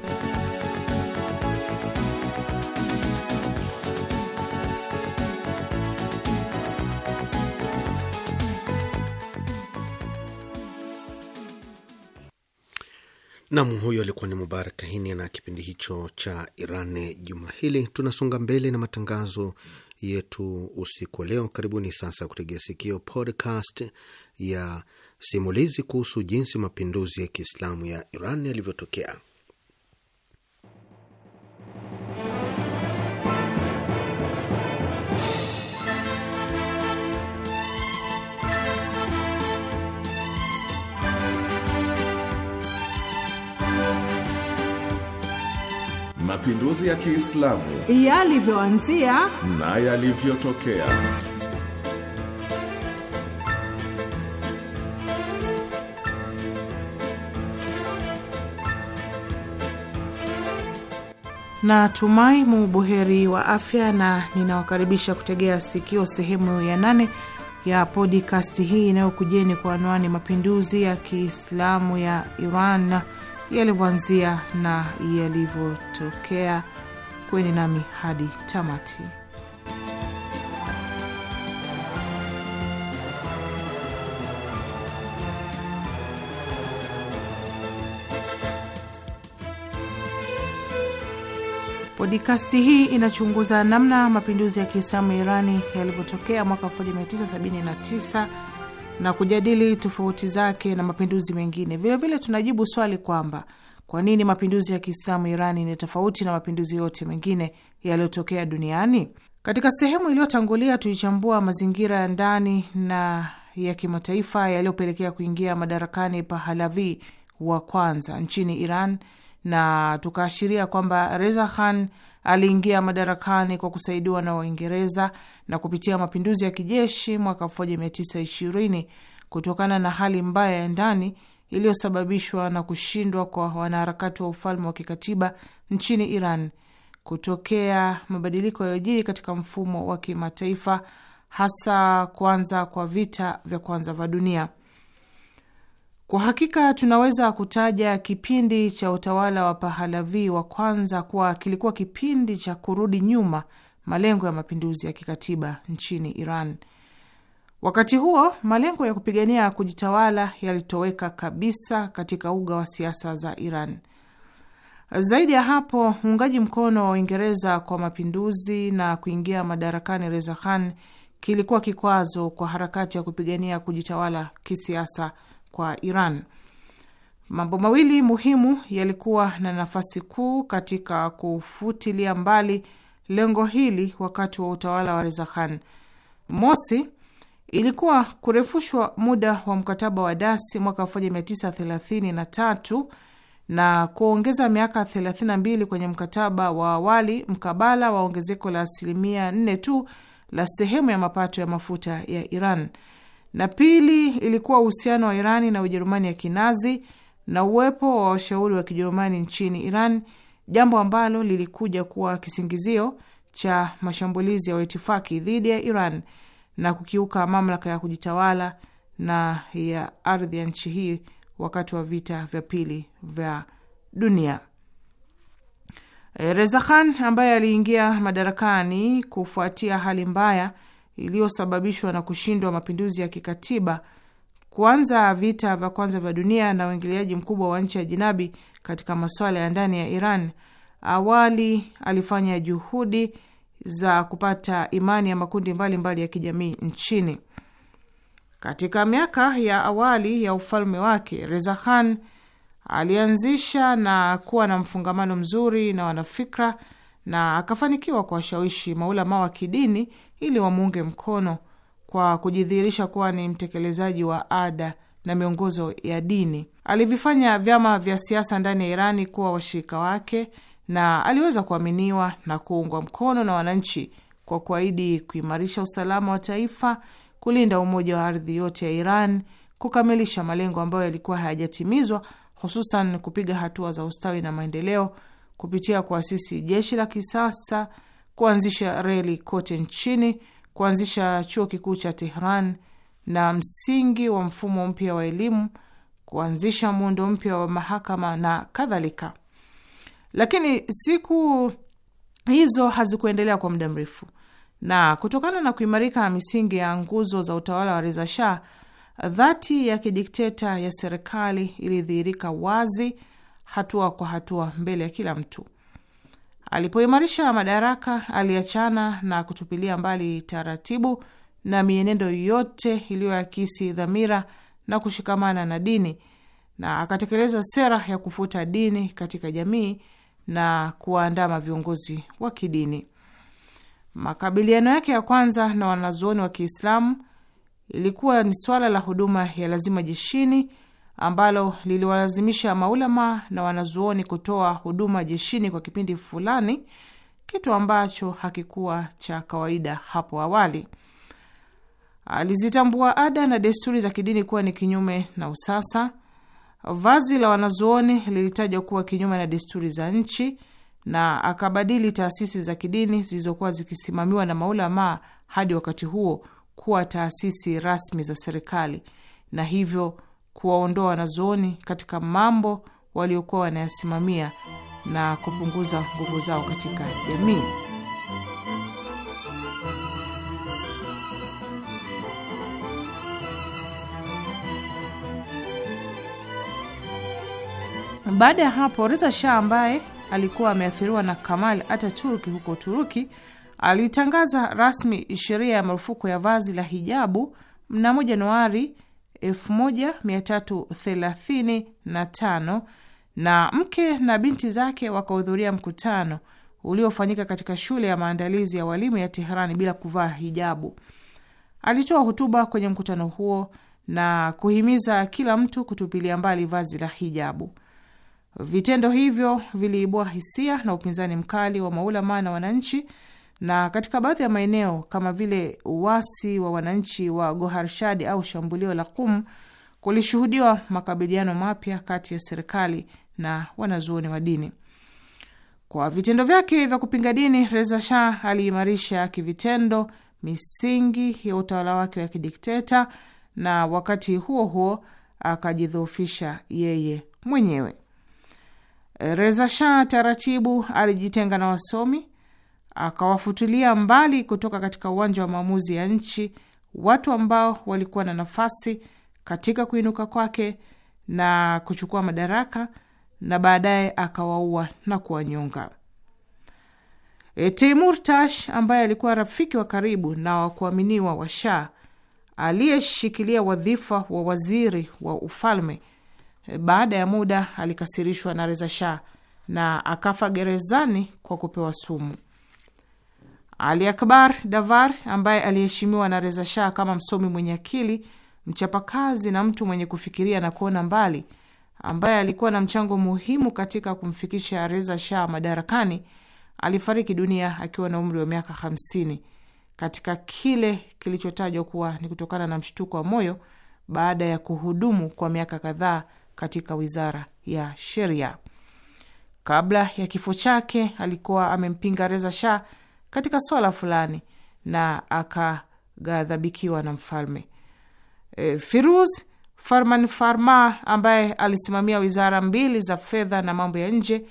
Nam, huyo alikuwa ni Mubarak Kahini na kipindi hicho cha Iran juma hili. Tunasonga mbele na matangazo yetu usiku wa leo. Karibuni sasa kutegea sikio podcast ya simulizi kuhusu jinsi mapinduzi ya Kiislamu ya Iran yalivyotokea. mapinduzi ya Kiislamu yalivyoanzia na yalivyotokea. Natumai mubuheri wa afya na ninawakaribisha kutegea sikio sehemu ya nane ya podikasti hii inayokujeni kwa anwani mapinduzi ya Kiislamu ya Iran yalivyoanzia na yalivyotokea. Kweni nami hadi tamati. Podikasti hii inachunguza namna mapinduzi ya Kiislamu Irani yalivyotokea mwaka 1979 na kujadili tofauti zake na mapinduzi mengine. Vilevile tunajibu swali kwamba kwa nini mapinduzi ya Kiislamu Irani ni tofauti na mapinduzi yote mengine yaliyotokea duniani. Katika sehemu iliyotangulia tulichambua mazingira ya ndani na ya kimataifa yaliyopelekea kuingia madarakani Pahalavi wa kwanza nchini Iran na tukaashiria kwamba Reza Khan aliingia madarakani kwa kusaidiwa na Waingereza na kupitia mapinduzi ya kijeshi mwaka 1920 kutokana na hali mbaya ya ndani iliyosababishwa na kushindwa kwa wanaharakati wa ufalme wa kikatiba nchini Iran kutokea mabadiliko yaliyojiri katika mfumo wa kimataifa, hasa kuanza kwa vita vya kwanza vya dunia. Kwa hakika tunaweza kutaja kipindi cha utawala wa Pahalavi wa kwanza kuwa kilikuwa kipindi cha kurudi nyuma malengo ya mapinduzi ya kikatiba nchini Iran. Wakati huo malengo ya kupigania kujitawala yalitoweka kabisa katika uga wa siasa za Iran. Zaidi ya hapo, uungaji mkono wa Uingereza kwa mapinduzi na kuingia madarakani Reza Khan kilikuwa kikwazo kwa harakati ya kupigania kujitawala kisiasa kwa Iran. Mambo mawili muhimu yalikuwa na nafasi kuu katika kufutilia mbali lengo hili wakati wa utawala wa Reza Khan. Mosi ilikuwa kurefushwa muda wa mkataba wa Dasi mwaka 1933 na kuongeza miaka 32 kwenye mkataba wa awali mkabala wa ongezeko la asilimia 4 tu la sehemu ya mapato ya mafuta ya Iran na pili ilikuwa uhusiano wa Irani na Ujerumani ya Kinazi na uwepo wa washauri wa Kijerumani nchini Iran, jambo ambalo lilikuja kuwa kisingizio cha mashambulizi ya waitifaki dhidi ya Iran na kukiuka mamlaka ya kujitawala na ya ardhi ya nchi hii wakati wa vita vya pili vya dunia. Eh, Reza Khan ambaye aliingia madarakani kufuatia hali mbaya iliyosababishwa na kushindwa mapinduzi ya kikatiba, kuanza vita vya kwanza vya dunia na uingiliaji mkubwa wa nchi ya jinabi katika masuala ya ndani ya Iran. Awali alifanya juhudi za kupata imani ya makundi mbalimbali mbali ya kijamii nchini. Katika miaka ya awali ya ufalme wake, Reza Khan alianzisha na kuwa na mfungamano mzuri na wanafikra na akafanikiwa kuwashawishi maulama wa kidini ili wamuunge mkono kwa kujidhihirisha kuwa ni mtekelezaji wa ada na miongozo ya dini. Alivifanya vyama vya siasa ndani ya Irani kuwa washirika wake na aliweza kuaminiwa na kuungwa mkono na wananchi kwa kuahidi kuimarisha usalama wa taifa, kulinda umoja wa ardhi yote ya Iran, kukamilisha malengo ambayo yalikuwa hayajatimizwa, hususan kupiga hatua za ustawi na maendeleo kupitia kuasisi jeshi la kisasa kuanzisha reli kote nchini, kuanzisha chuo kikuu cha Tehran na msingi wa mfumo mpya wa elimu, kuanzisha muundo mpya wa mahakama na kadhalika. Lakini siku hizo hazikuendelea kwa muda mrefu, na kutokana na kuimarika misingi ya nguzo za utawala wa Reza Shah, dhati ya kidikteta ya serikali ilidhihirika wazi hatua kwa hatua mbele ya kila mtu. Alipoimarisha madaraka, aliachana na kutupilia mbali taratibu na mienendo yote iliyoakisi dhamira na kushikamana na dini na akatekeleza sera ya kufuta dini katika jamii na kuwaandama viongozi wa kidini. Makabiliano yake ya kwanza na wanazuoni wa Kiislamu ilikuwa ni swala la huduma ya lazima jeshini ambalo liliwalazimisha maulama na wanazuoni kutoa huduma jeshini kwa kipindi fulani, kitu ambacho hakikuwa cha kawaida hapo awali. Alizitambua ada na desturi za kidini kuwa ni kinyume na usasa. Vazi la wanazuoni lilitajwa kuwa kinyume na desturi za nchi, na akabadili taasisi za kidini zilizokuwa zikisimamiwa na maulama hadi wakati huo kuwa taasisi rasmi za serikali, na hivyo kuwaondoa wanazuoni katika mambo waliokuwa wanayasimamia na kupunguza nguvu zao katika jamii. Baada ya hapo, Reza Shah ambaye alikuwa ameathiriwa na Kamal Ataturk huko Uturuki alitangaza rasmi sheria ya marufuku ya vazi la hijabu mnamo Januari 1335 na mke na binti zake wakahudhuria mkutano uliofanyika katika shule ya maandalizi ya walimu ya Teherani bila kuvaa hijabu. Alitoa hutuba kwenye mkutano huo na kuhimiza kila mtu kutupilia mbali vazi la hijabu. Vitendo hivyo viliibua hisia na upinzani mkali wa maulama na wananchi na katika baadhi ya maeneo kama vile uasi wa wananchi wa goharshadi au shambulio la Kum kulishuhudiwa makabiliano mapya kati ya serikali na wanazuoni wa dini. Kwa vitendo vyake vya kupinga dini, Reza Shah aliimarisha kivitendo misingi ya utawala wake wa kidikteta na wakati huo huo akajidhoofisha yeye mwenyewe. Reza Shah taratibu alijitenga na wasomi akawafutilia mbali kutoka katika uwanja wa maamuzi ya nchi watu ambao walikuwa na nafasi katika kuinuka kwake na kuchukua madaraka na baadaye akawaua na kuwanyonga. E, Timur Tash ambaye alikuwa rafiki wa karibu na wa kuaminiwa wa Shah aliyeshikilia wadhifa wa waziri wa ufalme, e, baada ya muda alikasirishwa na Reza Shah na akafa gerezani kwa kupewa sumu. Ali Akbar Davar ambaye aliheshimiwa na Reza Shah kama msomi mwenye akili, mchapakazi na mtu mwenye kufikiria na kuona mbali, ambaye alikuwa na mchango muhimu katika kumfikisha Reza Shah madarakani, alifariki dunia akiwa na umri wa miaka 50 katika kile kilichotajwa kuwa ni kutokana na mshtuko wa moyo baada ya kuhudumu kwa miaka kadhaa katika wizara ya sheria. Kabla ya kifo chake alikuwa amempinga Reza Shah katika swala fulani na akaghadhabikiwa na mfalme. E, Firuz Farman Farma ambaye alisimamia wizara mbili za fedha na mambo ya nje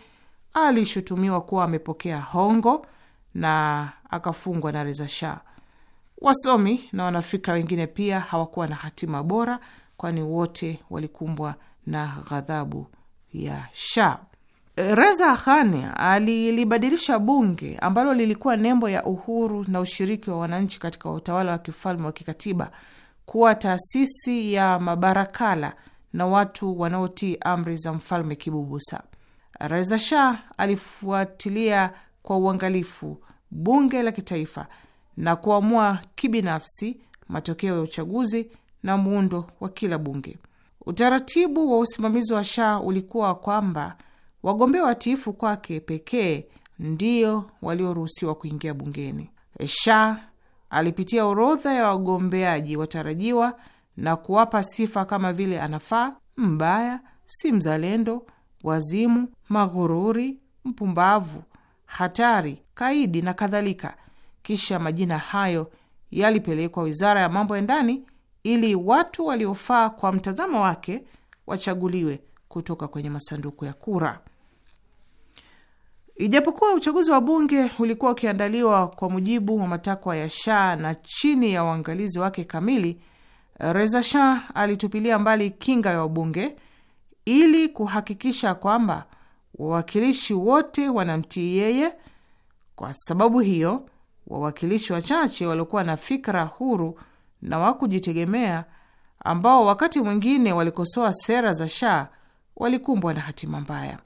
alishutumiwa kuwa amepokea hongo na akafungwa na Reza Shah. Wasomi na wanafikra wengine pia hawakuwa na hatima bora, kwani wote walikumbwa na ghadhabu ya Shah. Reza Khani alilibadilisha bunge ambalo lilikuwa nembo ya uhuru na ushiriki wa wananchi katika utawala wa kifalme wa kikatiba kuwa taasisi ya mabarakala na watu wanaotii amri za mfalme kibubusa. Reza Shah alifuatilia kwa uangalifu bunge la kitaifa na kuamua kibinafsi matokeo ya uchaguzi na muundo wa kila bunge. Utaratibu wa usimamizi wa Shah ulikuwa kwamba Wagombea watiifu kwake pekee ndio walioruhusiwa kuingia bungeni. Sha alipitia orodha ya wagombeaji watarajiwa na kuwapa sifa kama vile anafaa, mbaya, si mzalendo, wazimu, maghururi, mpumbavu, hatari, kaidi na kadhalika. Kisha majina hayo yalipelekwa wizara ya mambo ya ndani ili watu waliofaa kwa mtazamo wake wachaguliwe kutoka kwenye masanduku ya kura. Ijapokuwa uchaguzi wa bunge ulikuwa ukiandaliwa kwa mujibu wa matakwa ya Shah na chini ya uangalizi wake kamili, Reza Shah alitupilia mbali kinga ya wabunge ili kuhakikisha kwamba wawakilishi wote wanamtii yeye. Kwa sababu hiyo, wawakilishi wachache waliokuwa na fikra huru na wakujitegemea ambao wakati mwingine walikosoa sera za Shah, walikumbwa na hatima mbaya.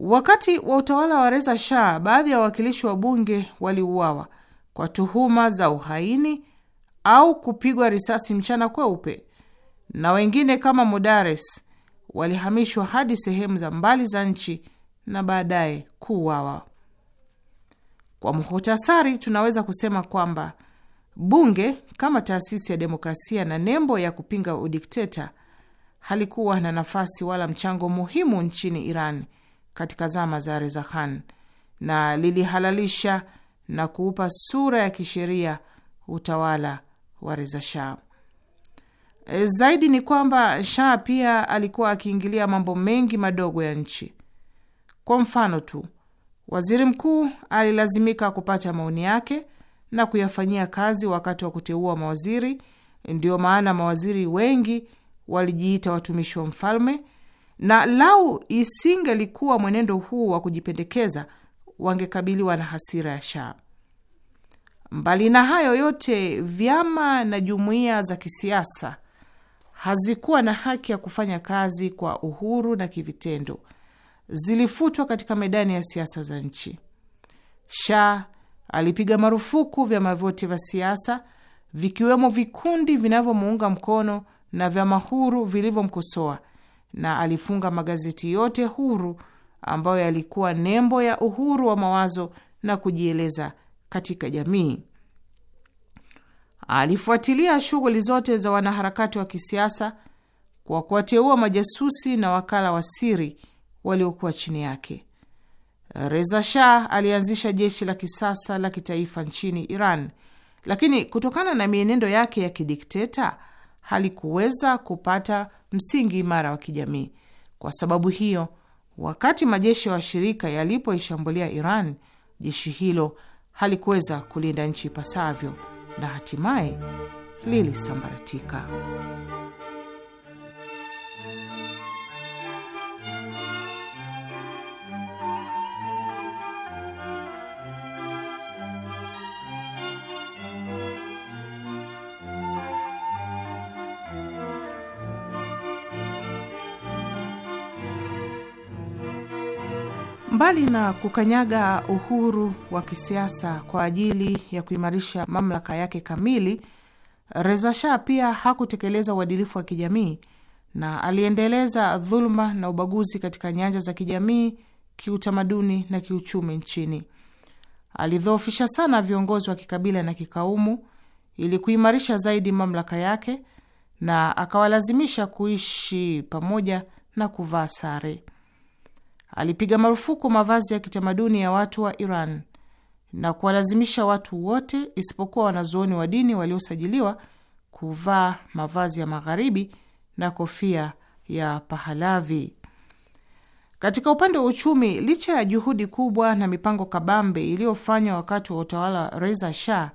Wakati wa utawala wa Reza Shah, baadhi ya wawakilishi wa bunge waliuawa kwa tuhuma za uhaini au kupigwa risasi mchana kweupe, na wengine kama Modares walihamishwa hadi sehemu za mbali za nchi na baadaye kuuawa. Kwa muhtasari, tunaweza kusema kwamba bunge kama taasisi ya demokrasia na nembo ya kupinga udikteta halikuwa na nafasi wala mchango muhimu nchini Iran katika zama za Reza Khan na lilihalalisha na kuupa sura ya kisheria utawala wa Reza Shah. E, zaidi ni kwamba Shah pia alikuwa akiingilia mambo mengi madogo ya nchi. Kwa mfano tu, waziri mkuu alilazimika kupata maoni yake na kuyafanyia kazi wakati wa kuteua mawaziri. Ndiyo maana mawaziri wengi walijiita watumishi wa mfalme na lau isingelikuwa mwenendo huu wa kujipendekeza, wangekabiliwa na hasira ya Shah. Mbali na hayo yote, vyama na jumuiya za kisiasa hazikuwa na haki ya kufanya kazi kwa uhuru na kivitendo, zilifutwa katika medani ya siasa za nchi. Shah alipiga marufuku vyama vyote vya siasa vikiwemo vikundi vinavyomuunga mkono na vyama huru vilivyomkosoa na alifunga magazeti yote huru ambayo yalikuwa nembo ya uhuru wa mawazo na kujieleza katika jamii. Alifuatilia shughuli zote za wanaharakati wa kisiasa kwa kuwateua majasusi na wakala wa siri waliokuwa chini yake. Reza Shah alianzisha jeshi la kisasa la kitaifa nchini Iran, lakini kutokana na mienendo yake ya kidikteta halikuweza kupata msingi imara wa kijamii. Kwa sababu hiyo, wakati majeshi ya washirika yalipoishambulia Iran, jeshi hilo halikuweza kulinda nchi ipasavyo na hatimaye lilisambaratika. Mbali na kukanyaga uhuru wa kisiasa kwa ajili ya kuimarisha mamlaka yake kamili, Reza Shah pia hakutekeleza uadilifu wa kijamii na aliendeleza dhuluma na ubaguzi katika nyanja za kijamii, kiutamaduni na kiuchumi nchini. Alidhoofisha sana viongozi wa kikabila na kikaumu ili kuimarisha zaidi mamlaka yake na akawalazimisha kuishi pamoja na kuvaa sare alipiga marufuku mavazi ya kitamaduni ya watu wa Iran na kuwalazimisha watu wote isipokuwa wanazuoni wa dini waliosajiliwa kuvaa mavazi ya magharibi na kofia ya Pahalavi. Katika upande wa uchumi, licha ya juhudi kubwa na mipango kabambe iliyofanywa wakati wa utawala wa Reza Shah,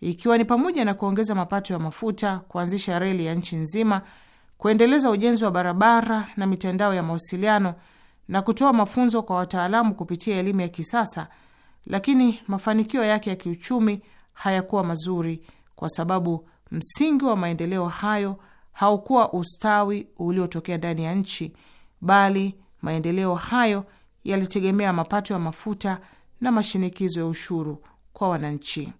ikiwa ni pamoja na kuongeza mapato ya mafuta, kuanzisha reli ya nchi nzima, kuendeleza ujenzi wa barabara na mitandao ya mawasiliano na kutoa mafunzo kwa wataalamu kupitia elimu ya kisasa, lakini mafanikio yake ya kiuchumi hayakuwa mazuri kwa sababu msingi wa maendeleo hayo haukuwa ustawi uliotokea ndani ya nchi, bali maendeleo hayo yalitegemea mapato ya mafuta na mashinikizo ya ushuru kwa wananchi.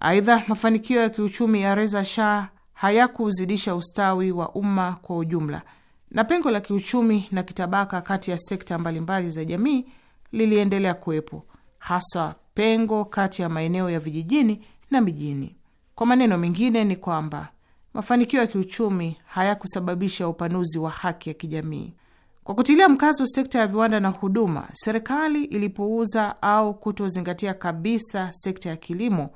Aidha, mafanikio ya kiuchumi ya Reza Shah hayakuzidisha ustawi wa umma kwa ujumla, na pengo la kiuchumi na kitabaka kati ya sekta mbalimbali za jamii liliendelea kuwepo, haswa pengo kati ya maeneo ya vijijini na mijini. Kwa maneno mengine, ni kwamba mafanikio ya kiuchumi hayakusababisha upanuzi wa haki ya kijamii. Kwa kutilia mkazo sekta ya viwanda na huduma, serikali ilipouza au kutozingatia kabisa sekta ya kilimo,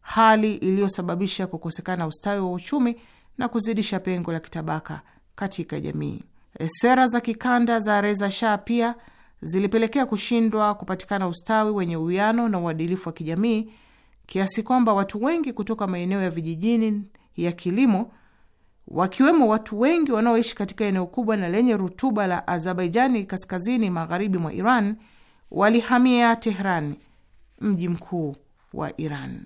hali iliyosababisha kukosekana ustawi wa uchumi na kuzidisha pengo la kitabaka katika jamii. E, sera za kikanda za Reza Shah pia zilipelekea kushindwa kupatikana ustawi wenye uwiano na uadilifu wa kijamii kiasi kwamba watu wengi kutoka maeneo ya vijijini ya kilimo wakiwemo watu wengi wanaoishi katika eneo kubwa na lenye rutuba la Azerbaijani kaskazini magharibi mwa Iran walihamia Tehran, mji mkuu wa Iran.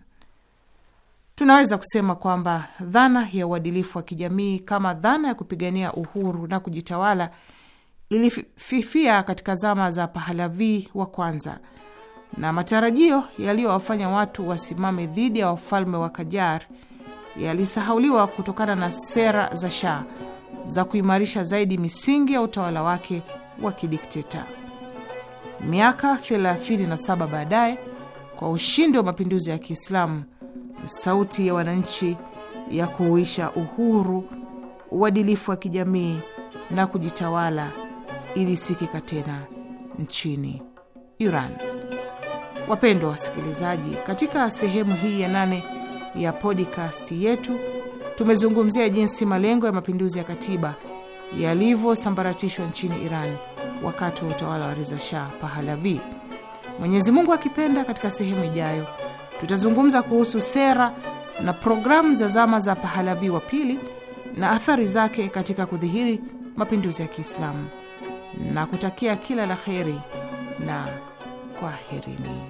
Tunaweza kusema kwamba dhana ya uadilifu wa kijamii kama dhana ya kupigania uhuru na kujitawala ilififia katika zama za Pahalavi wa kwanza, na matarajio yaliyowafanya watu wasimame dhidi ya wafalme wa Kajar yalisahauliwa kutokana na sera za Shah za kuimarisha zaidi misingi ya utawala wake wa kidikteta. Miaka 37 baadaye, kwa ushindi wa mapinduzi ya Kiislamu sauti ya wananchi ya kuhuisha uhuru, uadilifu wa kijamii na kujitawala ilisikika tena nchini Iran. Wapendwa wasikilizaji, katika sehemu hii ya nane ya podcast yetu tumezungumzia jinsi malengo ya mapinduzi ya katiba yalivyosambaratishwa nchini Iran wakati wa utawala wa Reza Shah Pahalavi. Mwenyezi Mungu akipenda, katika sehemu ijayo Tutazungumza kuhusu sera na programu za zama za Pahalavi wa pili na athari zake katika kudhihiri mapinduzi ya Kiislamu na kutakia kila la heri na kwaherini.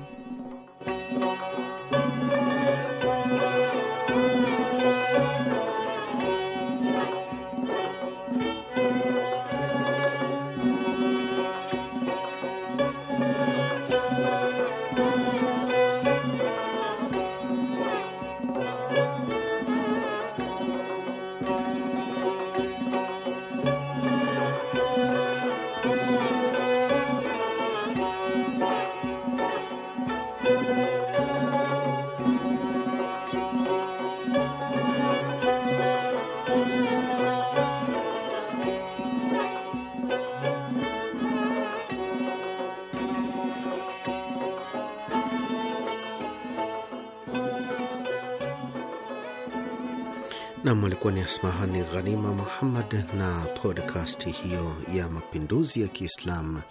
Mlikuwa ni Asmahani Ghanima Muhammad na podcast hiyo ya mapinduzi ya Kiislamu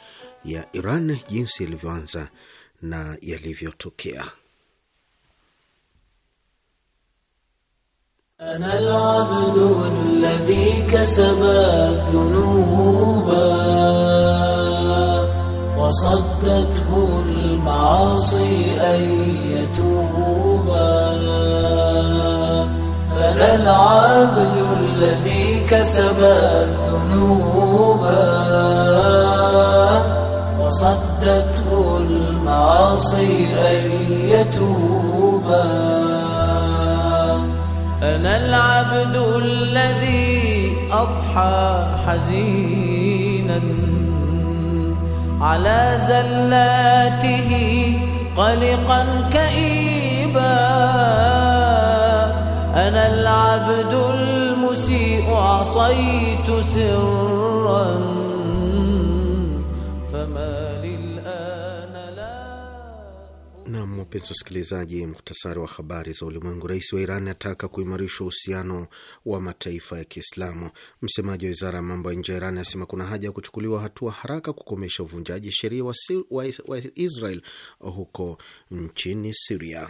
ya Iran, jinsi ilivyoanza na yalivyotokea. Ana al-abdu alladhi kasaba dhunuba wa saddathu al-maasi ay العبد الذي كسب الذنوب وصدته المعاصي أن يتوب أنا العبد الذي أضحى حزينا على زلاته قلقا كئيبا أنا العبد المسيء عصيت سرا فما للآن لا Nam, wapenzi wasikilizaji, muktasari wa habari za ulimwengu. Rais wa Iran ataka kuimarisha uhusiano wa mataifa ya Kiislamu. Msemaji wa wizara ya mambo ya nje ya Iran asema kuna haja ya kuchukuliwa hatua haraka kukomesha uvunjaji sheria wa, wa Israel huko nchini Siria.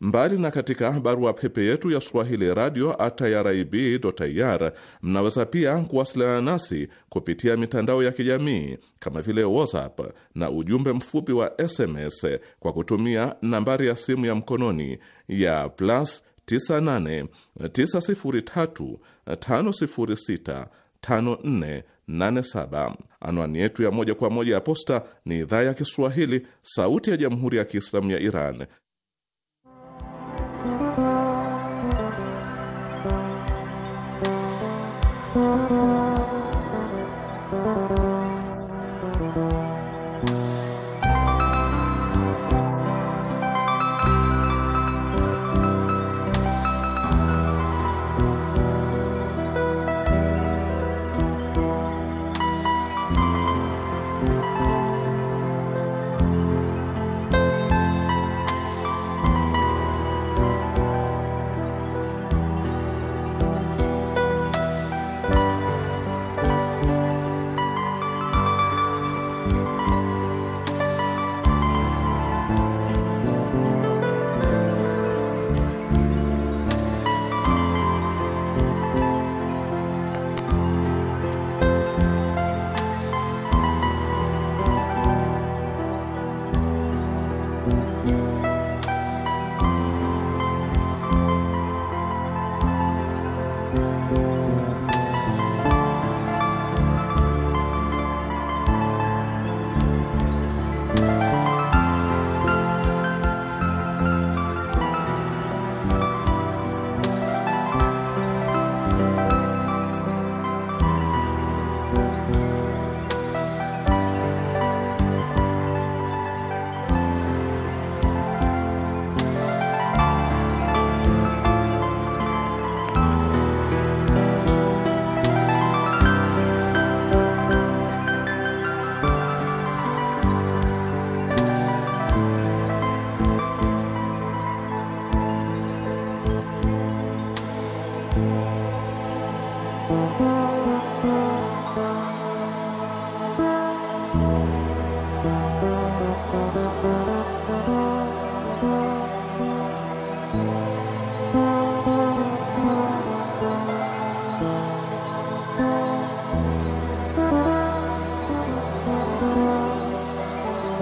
Mbali na katika barua pepe yetu ya swahili radio at irib.ir, mnaweza pia kuwasiliana nasi kupitia mitandao ya kijamii kama vile WhatsApp na ujumbe mfupi wa SMS kwa kutumia nambari ya simu ya mkononi ya plus 98 903 506 5487. Anwani yetu ya moja kwa moja ya posta ni idhaa ya Kiswahili, sauti ya jamhuri ya kiislamu ya Iran,